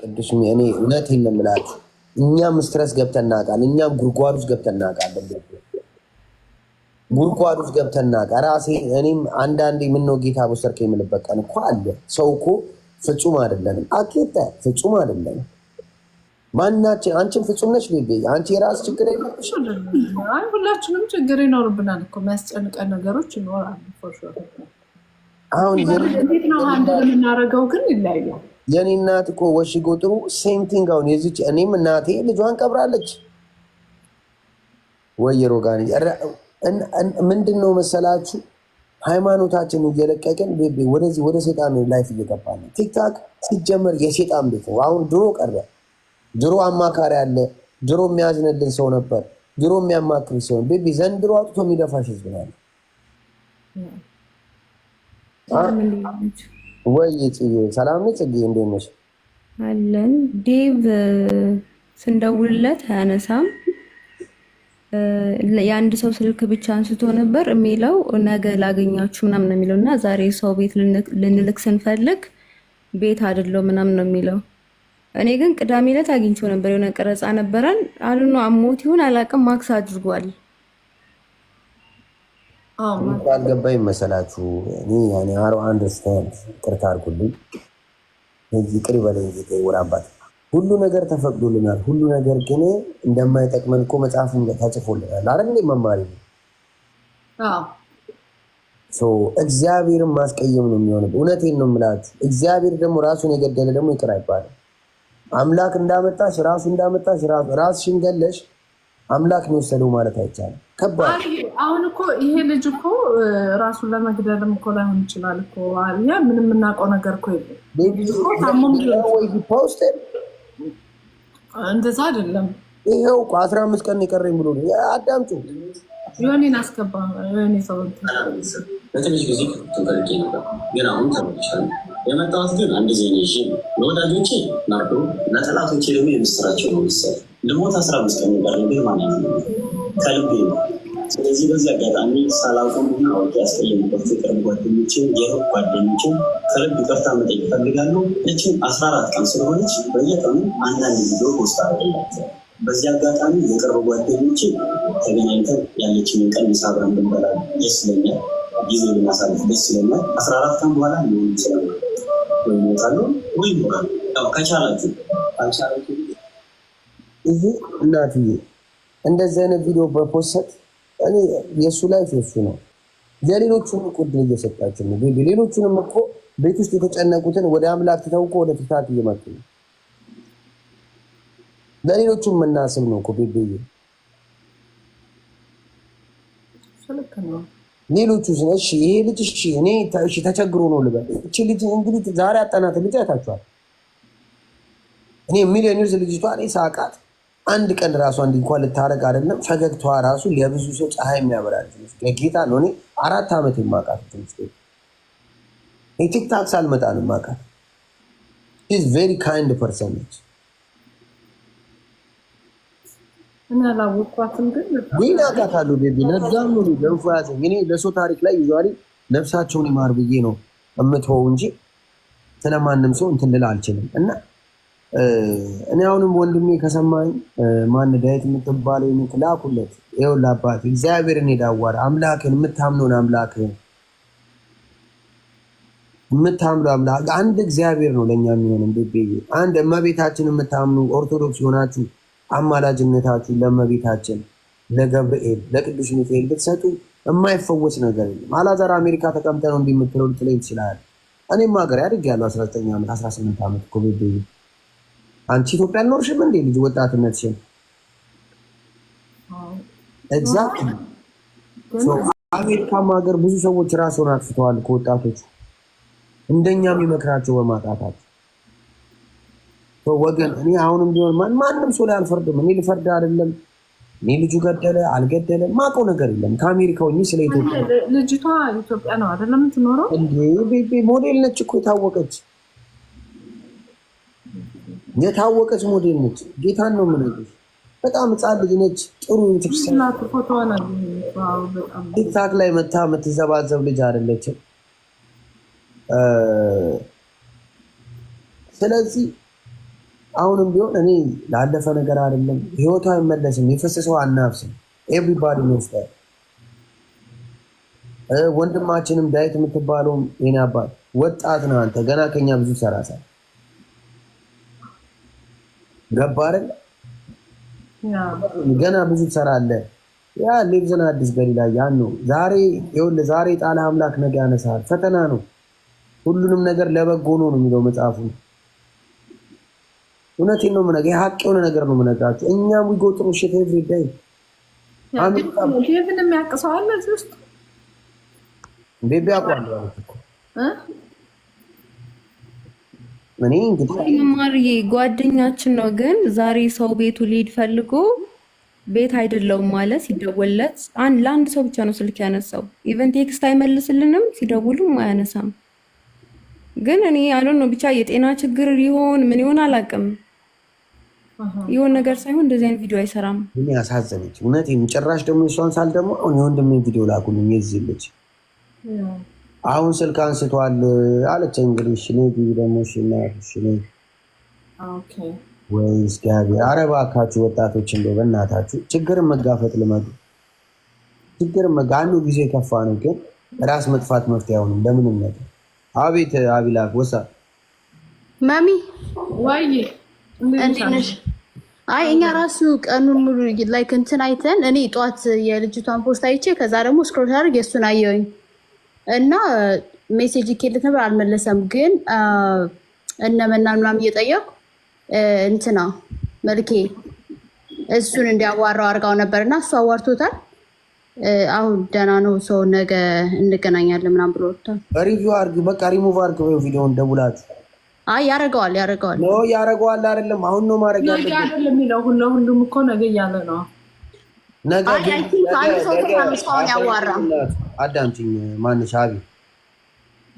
ቅዱስ እኔ እውነት ይህን ምላት እኛም ስትረስ ገብተን እናውቃለን። እኛም ጉድጓድ ውስጥ ገብተን እናውቃለን። ጉድጓድ ውስጥ ገብተን እናውቃ ራሴ እኔም አንዳንዴ የምነው ጌታ በሰርክ የምልበት ቀን እኮ አለ። ሰው እኮ ፍጹም አይደለንም። አኬታ ፍጹም አይደለንም። ማናችን አንቺን ፍጹም ነች። አንቺ የራስ ችግር የለብሽ። ሁላችንም ችግር ይኖርብናል እኮ የሚያስጨንቀን ነገሮች ይኖራሉ። አሁን እንዴት ነው አንድ የምናደርገው ግን ይለያያል። የኔ እናት እኮ ወሺ ጎጥሩ ሴምቲንግ አሁን የዚች እኔም እናቴ ልጇን ቀብራለች። ወይ ሮጋኒ ምንድን ነው መሰላችሁ ሃይማኖታችን እየለቀቅን ወደዚህ ወደ ሴጣን ላይፍ እየገባ ነው። ቲክታክ ሲጀመር የሴጣን ቤት ነው። አሁን ድሮ ቀረ። ድሮ አማካሪ አለ። ድሮ የሚያዝንልን ሰው ነበር። ድሮ የሚያማክር ሰው ቤቢ ዘንድሮ አውጥቶ የሚደፋሽ ህዝብ ነው ወይ ጽዬ ሰላም ነው ጽጌ እንዴት ነሽ? አለን ዴቭ ስንደውልለት አያነሳም። የአንድ ሰው ስልክ ብቻ አንስቶ ነበር የሚለው ነገ ላገኛችሁ ምናምን ነው የሚለው እና ዛሬ ሰው ቤት ልንልክ ስንፈልግ ቤት አይደለው ምናምን ነው የሚለው። እኔ ግን ቅዳሜ ዕለት አግኝቼው ነበር። የሆነ ቀረጻ ነበረን አሉ አሞት ይሁን አላውቅም። ማክስ አድርጓል አልገባኝ መሰላችሁ። እኔ አሮ አንደርስታንድ ቅርታ አድርጉልኝ። ይቅር በለኝ ወር አባት ሁሉ ነገር ተፈቅዶልናል። ሁሉ ነገር ግን እንደማይጠቅመን እኮ መጽሐፉ ተጽፎልናል። አረ እንዴ መማሪ ነው እግዚአብሔርን ማስቀየም ነው የሚሆን። እውነቴን ነው የምላችሁ። እግዚአብሔር ደግሞ ራሱን የገደለ ደግሞ ይቅር አይባልም። አምላክ እንዳመጣሽ ራሱ እንዳመጣሽ ራስሽን ገለሽ አምላክ ነው የወሰደው ማለት አይቻልም። ከባድ አሁን እኮ ይሄ ልጅ እኮ ራሱን ለመግደልም እኮ ላይሆን ይችላል እኮ አለ። ምንም የምናውቀው ነገር እኮ የለም። እንደዛ አይደለም። ይሄው እኮ አስራ አምስት ቀን የቀረኝ ብሎ ነው። አዳምጩ ዮኒን አስገባ። ዮኒ ሰው ጊዜ ነበር፣ ግን አሁን የመጣሁት ግን አንድ ዜና ይዤ ነው። ለወዳጆቼ ናርዶ፣ ለጠላቶቼ ደግሞ የምስራቸው ነው መሰለኝ። ልሞት አስራ አምስት ቀን የቀረኝ ግን ከልቤ ነው ስለዚህ በዚህ አጋጣሚ ሳላውቅምና አውቄ ያስቀየምኳቸው የቅርብ ጓደኞችን የህብ ጓደኞችን ከልብ ይቅርታ መጠየቅ ይፈልጋሉ። ይህችን አስራ አራት ቀን ስለሆነች በየቀኑ አንዳንድ ቪዲዮ ፖስት አደረግላቸው። በዚህ አጋጣሚ የቅርብ ጓደኞችን ተገናኝተን ያለችን ቀን ምሳ አብረን ብንበላ ደስ ይለኛል። ጊዜ ብናሳልፍ ደስ ይለኛል። አስራ አራት ቀን በኋላ ሊሆኑ ይችላል ወይ ይሞታሉ ወይ ይኖራሉ። ከቻላችሁ ካልቻላችሁ እናትዬ እንደዚህ አይነት ቪዲዮ በፖስት እኔ የእሱ ላይፍ የእሱ ነው። ለሌሎቹም እኮ ድል እየሰጣቸው ነው። ግን ሌሎቹንም እኮ ቤት ውስጥ የተጨነቁትን ወደ አምላክ ትተው እኮ ወደ ትታት እየመጡ ነው። ለሌሎቹም የምናስብ ነው እኮ ቤቤዬ። ሌሎቹ እሺ ይሄ ልጅ እሺ እኔ እሺ ተቸግሮ ነው ልበል። እቺ ልጅ እንግዲህ ዛሬ አጠናት ልጅ አይታችኋል። እኔ ሚሊዮኔርስ ልጅቷ እኔ ሳቃት አንድ ቀን ራሱ አንድ እንኳን ልታረግ አይደለም። ፈገግቷ ራሱ ለብዙ ሰው ፀሐይ የሚያበራል። ጌታ ነው። እኔ አራት ዓመት የማውቃት ትንሽ ቤት ሳልመጣ ነው የማውቃት። ቬሪ ካይንድ ፐርሰን ነች። ግን አውቃታለሁ። ቤቢ ለዛም ነው ገንፎ ያዘኝ። እኔ ለሰው ታሪክ ላይ ዩዛሪ ነፍሳቸውን ይማር ብዬ ነው እምትወው እንጂ ስለማንም ሰው እንትን ልል አልችልም እና እኔ አሁንም ወንድሜ ከሰማኝ ማን ዳዊት የምትባለ ዩኒክ ላኩለት። ይኸውልህ አባት እግዚአብሔርን የዳዋር አምላክን የምታምነውን አምላክን የምታምሉ አምላክ አንድ እግዚአብሔር ነው ለእኛ የሚሆን ቤቤ አንድ እመቤታችን የምታምኑ ኦርቶዶክስ የሆናችሁ አማላጅነታችሁ ለእመቤታችን ለገብርኤል ለቅዱስ ሚካኤል ብትሰጡ የማይፈወስ ነገር የለም። አላዛር አሜሪካ ተቀምጠ ነው እንዲምትለው የምትለው ልትለኝ ትችላል። እኔም ሀገር ያድግ ያለው 19 ዓመት 18 ዓመት ኮቪድ አንቺ ኢትዮጵያ ኖርሽም እንዴ ልጅ ወጣትነት ሲል ኤግዛክት አሜሪካም ሀገር ብዙ ሰዎች ራስን አጥፍተዋል ከወጣቶች እንደኛ የሚመክራቸው በማጣታቸው ወገን እኔ አሁንም ቢሆን ማንም ሰው ላይ አልፈርድም። እኔ ልፈርድ አይደለም። እኔ ልጁ ገደለ አልገደለ ማውቀው ነገር የለም። ከአሜሪካ ሆኜ ስለ ኢትዮጵያ ልጅቷ ኢትዮጵያ ነው አይደለም የምትኖረው። ሞዴል ነች እኮ የታወቀች የታወቀች ሞዴል ነች። ጌታን ነው የምነግርሽ። በጣም ህፃን ልጅ ነች። ጥሩ ቲክታክ ላይ መታ የምትዘባዘብ ልጅ አይደለችም። ስለዚህ አሁንም ቢሆን እኔ ላለፈ ነገር አይደለም፣ ህይወቷ አይመለስም፣ የፈሰሰው አናፍስም። ኤቭሪባዲ ይወስዳል። ወንድማችንም ዳዊት የምትባለውም የኔ አባት ወጣት ነው። አንተ ገና ከኛ ብዙ ሰራሳል ገባ አይደል? ገና ብዙ ትሰራለህ። ያ ሌብዘን አዲስ ገሊላ ያን ነው ዛሬ ይኸውልህ፣ ዛሬ ጣለ አምላክ ነገ ያነሳል። ፈተና ነው። ሁሉንም ነገር ለበጎ ነው ነው የሚለው መጽሐፉ። እውነቴን ነው የምነግርህ፣ የሀቅ የሆነ ነገር ነው የምነግራቸው። እኛም ዊጎ ሽት ኤቭሪ ዳይ ምን የሚያውቅ ሰው አለ እዚህ ውስጥ ቤቢ አቋል እኔ እንግዲህ ማርዬ ጓደኛችን ነው፣ ግን ዛሬ ሰው ቤቱ ሊሄድ ፈልጎ ቤት አይደለውም ማለት አንድ ለአንድ ሰው ብቻ ነው ስልክ ያነሳው። ኢቨን ቴክስት አይመልስልንም፣ ሲደውሉም አያነሳም። ግን እኔ አሉን ነው ብቻ የጤና ችግር ይሆን ምን ይሆን አላውቅም። የሆነ ነገር ሳይሆን እንደዚህ አይነት ቪዲዮ አይሰራም። እኔ አሳዘነች እውነት ጭራሽ ደግሞ እሷን ሳል ደግሞ የወንድሜ ቪዲዮ ላኩልኝ የዚህ ልጅ አሁን ስልክ አንስቷል አለች። እንግዲህ እሺ ደግሞ ወይስ ጋቢ ኧረ እባካችሁ ወጣቶች እንደ በእናታችሁ ችግርን መጋፈጥ ልመዱ። ችግር አንዱ ጊዜ ከፋ ነው፣ ግን ራስ መጥፋት መፍትሄ አይሆንም ለምንም ነገር። አቤት አቢላክ ወሳ ማሚ ወይ አይ እኛ ራሱ ቀኑን ሙሉ ላይክ እንትን አይተን እኔ ጠዋት የልጅቷን ፖስት አይቼ ከዛ ደግሞ ስክሮል አድርግ የእሱን አየሁኝ እና ሜሴጅ ኬልት ነበር አልመለሰም። ግን እነ መና ምናም እየጠየኩ እንትና መልኬ እሱን እንዲያዋራው አድርጋው ነበር እና እሱ አዋርቶታል። አሁን ደህና ነው ሰው፣ ነገ እንገናኛለን ምናም ብሎ ወጥቷል። ሪቪው አርግ፣ በቃ ሪሙቭ አርግ ቪዲዮን ደውላችሁ። አይ ያረገዋል፣ ያረገዋል፣ ያረገዋል። አይደለም አሁን ነው ማድረግ አይደለም የሚለው ሁሉም እኮ ነገ እያለ ነው። ነገ ሰው ያዋራ አዳምጪኝ። ማንሽ አቢ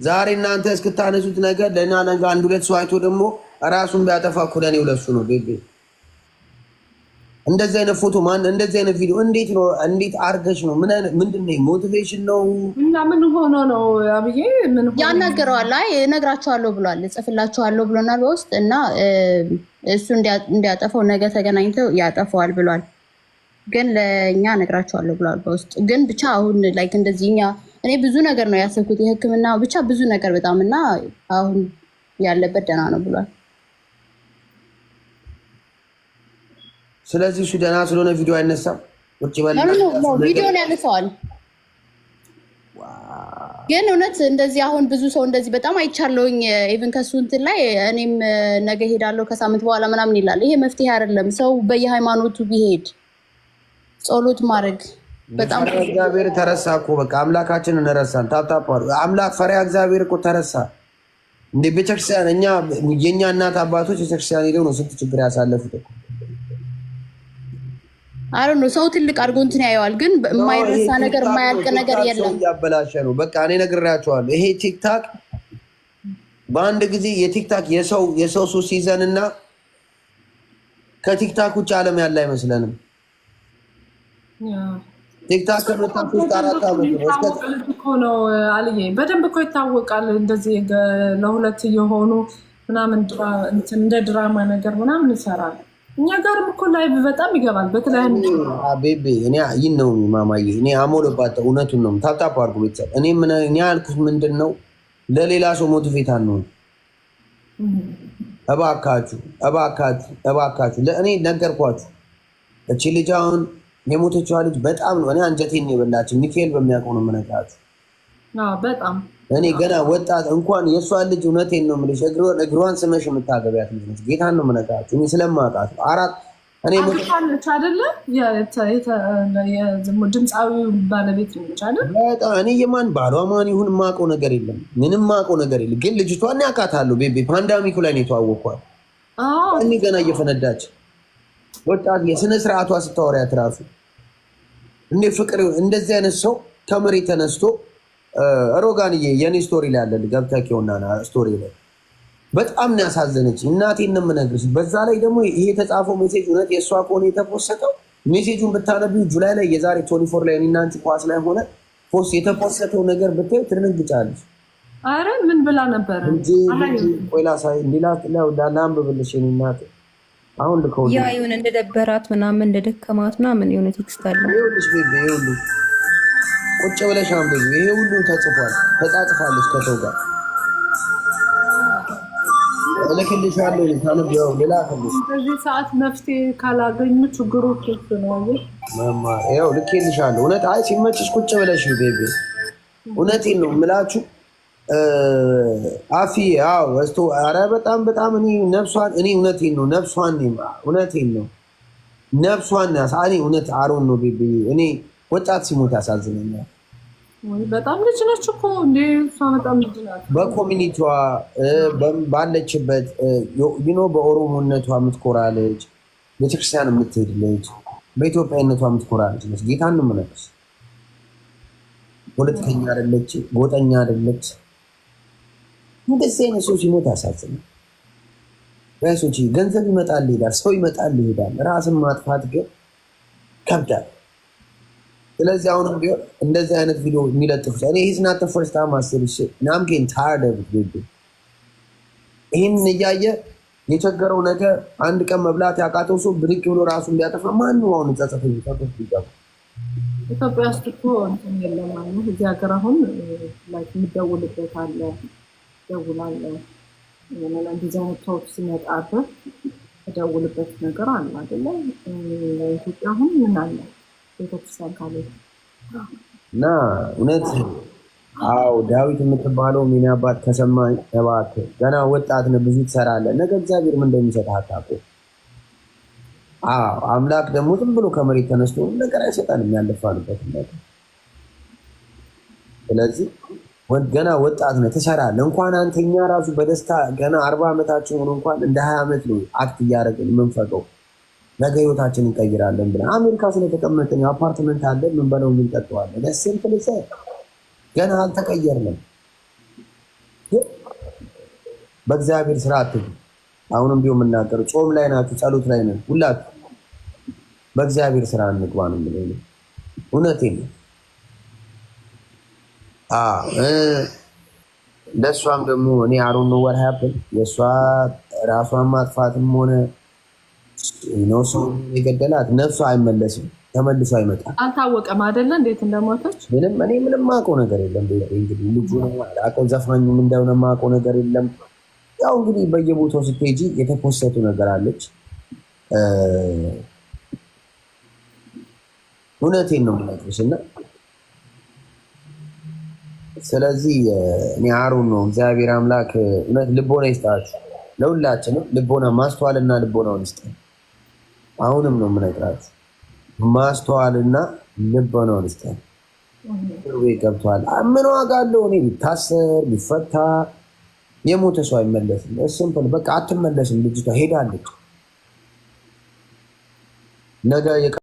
ዛሬ እናንተ እስክታነሱት ነገር ለእና ነገ አንድ ሁለት ሰው አይቶ ደግሞ ራሱን ቢያጠፋ እኮ ለእኔ ሁለት ነው ቤቤ። እንደዚህ አይነት ፎቶ ማን እንደዚህ አይነት ቪዲዮ እንዴት ነው እንዴት አርገሽ ነው? ምን ምንድን ነው ሞቲቬሽን ነው? እና ምን ሆኖ ነው አብዬ ምን ሆኖ ያናገረዋል። አይ እነግራቸዋለሁ ብሏል፣ እጽፍላቸዋለሁ ብሎናል በውስጥ እና እሱ እንዲያጠፈው ነገ ተገናኝተው ያጠፈዋል ብሏል። ግን ለእኛ ነግራቸዋለሁ ብሏል በውስጥ ግን ብቻ አሁን ላይ እንደዚህ እኛ እኔ ብዙ ነገር ነው ያሰብኩት የህክምና ብቻ ብዙ ነገር በጣም እና አሁን ያለበት ደህና ነው ብሏል። ስለዚህ እሱ ደህና ስለሆነ ቪዲዮ አይነሳም። ውጭ ቪዲዮን ያነሳዋል። ግን እውነት እንደዚህ አሁን ብዙ ሰው እንደዚህ በጣም አይቻለውኝ። ኢቭን ከሱ እንትን ላይ እኔም ነገ ሄዳለሁ ከሳምንት በኋላ ምናምን ይላል። ይሄ መፍትሄ አይደለም። ሰው በየሃይማኖቱ ቢሄድ ጸሎት ማድረግ በጣም እግዚአብሔር ተረሳ እኮ በቃ አምላካችን እንረሳን። ታታፓሉ አምላክ ፈሪያ እግዚአብሔር እኮ ተረሳ እንደ ቤተክርስቲያን እኛ የእኛ እናት አባቶች ቤተክርስቲያን ሄደው ነው ስንት ችግር ያሳለፉት እኮ አረ ነው ሰው ትልቅ አድርጎ እንትን ያየዋል፣ ግን የማይረሳ ነገር የማያልቅ ነገር የለም። እያበላሸ ነው በቃ እኔ ነግሬያቸዋለሁ። ይሄ ቲክታክ በአንድ ጊዜ የቲክታክ የሰው የሰው ሱስ ሲዘን እና ከቲክታክ ውጭ ዓለም ያለ አይመስለንም። ቲክታክ ከመታችሁ አራት ነው አልዬ፣ በደንብ እኮ ይታወቃል። እንደዚህ ለሁለት የሆኑ ምናምን እንደ ድራማ ነገር ምናምን ይሰራል። እኛ ጋርም እኮ ላይቭ በጣም ይገባል። በተለያዩ እኔ ይህን ነው ማማዬ፣ እኔ አሞለባት እውነቱን ነው። ታፕታፕ አድርጉ ቤተሰብ። እኔ እኔ ያልኩት ምንድን ነው ለሌላ ሰው ሞቲቬት አንሆን። እባካችሁ፣ እባካችሁ፣ እባካችሁ ለእኔ ነገርኳችሁ እቺ ልጅ አሁን የሞተችዋ ልጅ በጣም ነው እኔ አንጀቴን የበላችሁ። ሚካኤል በሚያውቀው ነው የምነግራችሁ። በጣም እኔ ገና ወጣት እንኳን የእሷን ልጅ እውነቴን ነው የምልሽ፣ እግሯን ስመሽ የምታገቢያት ልጅ ነች። ጌታን ነው የምነግራችሁ እኔ ስለማውቃት አራት ነች እኔ የማን ባሏ ማን ይሁን የማውቀው ነገር የለም፣ ምንም የማውቀው ነገር የለም። ግን ልጅቷን ያውቃታለሁ። ቤቤ ፓንዳሚኩ ላይ ነው የተዋወቅኳት። እኔ ገና እየፈነዳች ወጣት የስነ ስርዓቷ ስታወሪያት ራሱ እንደ ፍቅር እንደዚህ አይነት ሰው ተምሬ ተነስቶ ሮጋንዬ የኔ ስቶሪ ላይ አለ ገብተህ ኪውና ስቶሪ ላይ በጣም ያሳዘነች። እናቴ ነው በዛ ላይ ደግሞ ይሄ የተጻፈው ሜሴጅ እውነት የእሷ ከሆነ የተፖሰተው ሜሴጁን ብታነቢው ጁላይ ላይ የዛሬ ቶኒ ፎር ላይ እኔና ኳስ ላይ ሆነ ፖስት የተፖሰተው ነገር ብታይ ትደነግጫለች። አረ ምን ብላ ነበረ? ቆይ ላሳይ እንዲላ ላንብብልሽ የእኔ እናቴ አሁን ልከው ያ የሆነ እንደደበራት ምናምን እንደደከማት ምናምን የሆነ ቴክስት አለ። ይኸውልሽ ቤቢ፣ ቁጭ ብለሽ አንብቢ። ይሄ ሁሉ ተጽፏል፣ ተጻጽፋለች ከሰው ጋር እልክልሻለሁ። ታነቢው ሌላ ሰዓት ካላገኙ ችግሮች ነው እውነት አይ ሲመችሽ ቁጭ ብለሽ እውነቴን ነው የምላችሁ አፊ አዎ፣ ወስቶ አረ በጣም በጣም እኔ ነፍሷን እኔ እውነቴን ነው ነፍሷን እውነቴን ነው ነፍሷን እኔ እውነት አሮን ነው ቤቢ እኔ ወጣት ሲሞት ያሳዝነኛል። በጣም ልጅ ነች እኮ እንዴ እሷ በኮሚኒቲዋ ባለችበት ዩኖ በኦሮሞነቷ የምትኮራ ልጅ፣ ቤተክርስቲያን የምትሄድ ልጅ፣ በኢትዮጵያዊነቷ የምትኮራ ልጅ ነች። ጌታን ነው የምነግርሽ። ፖለቲከኛ አይደለች፣ ጎጠኛ አይደለች። እንደዚህ አይነት ሰው ሲሞት ያሳዝናል። ራሶች ገንዘብ ይመጣል ይሄዳል፣ ሰው ይመጣል ይሄዳል። ራስን ማጥፋት ግን ከብዳል። ስለዚህ አሁንም ቢሆን እንደዚህ አይነት ቪዲዮ የሚለጥፉ እኔ ሂዝናት ፈርስት ማስብ ናም ጌን ታርድ ይህን እያየ የቸገረው ነገ አንድ ቀን መብላት ያቃተው ሰው ብድግ ብሎ ራሱ እንዲያጠፋ ማንም አሁን ጸጸፈ ኢትዮጵያ ውስጥ እኮ እንትን የለም እዚህ ሀገር አሁን የሚደውልበት አለ እደውላለሁ። እንደዚህ አይነት ሰዎች ሲመጣብህ እደውልበት ነገር አለ አይደለ? ኢትዮጵያ አሁን ምን አለ ቤተክርስቲያን ካለ እና እውነት አዎ ዳዊት የምትባለው ሚኒ አባት ከሰማኝ ሰባት ገና ወጣት ነው፣ ብዙ ትሰራለህ። ነገ እግዚአብሔር ምን እንደሚሰጥህ አታውቅም። አዎ አምላክ ደግሞ ዝም ብሎ ከመሬት ተነስቶ ነገር አይሰጠንም፣ ያለፋንበት ነገር ስለዚህ ገና ወጣት ነው ትሰራለህ። እንኳን አንተኛ ራሱ በደስታ ገና አርባ ዓመታችን ሆኖ እንኳን እንደ ሀያ ዓመት ነው አክት እያደረግን የምንፈቀው ነገ ህይወታችን እንቀይራለን ብለን አሜሪካ ስለተቀመጥን አፓርትመንት አለ ምን በለው የምንበለው የምንጠጠዋለን። ሲምፕል ገና አልተቀየርንም። በእግዚአብሔር ስራ አትሉ። አሁንም ቢሆን የምናገረው ጾም ላይ ናችሁ፣ ጸሎት ላይ ነን ሁላችሁ። በእግዚአብሔር ስራ እንግባ ነው የምለው እውነቴን ነው። ለእሷም ደግሞ እኔ አሮን ወር ሀያብን የእሷ ራሷን ማጥፋትም ሆነ ነው ሰው የገደላት ነፍሷ አይመለስም፣ ተመልሶ አይመጣም። አልታወቀም አይደለ? እንዴት እንደሞተች ምንም እኔ ምንም ማውቀው ነገር የለም። እንግዲህ ልጁ አውቀው ዘፋኙም እንደሆነ ማውቀው ነገር የለም። ያው እንግዲህ በየቦታው ስትሄጂ የተኮሰቱ ነገር አለች። እውነቴን ነው የምነግርሽ እና ስለዚህ እኔ ነው እግዚአብሔር አምላክ እውነት ልቦና ይስጣት ለሁላችንም ልቦና ማስተዋልና ልቦናውን ይስጥ። አሁንም ነው የምነግራችሁ ማስተዋልና ልቦናውን ቤት ገብተዋል። ምን ዋጋ አለው እኔ ሊታሰር ሊፈታ የሞተ ሰው አይመለስም። ስምፕል በቃ አትመለስም። ልጅቷ ሄዳለች ነገ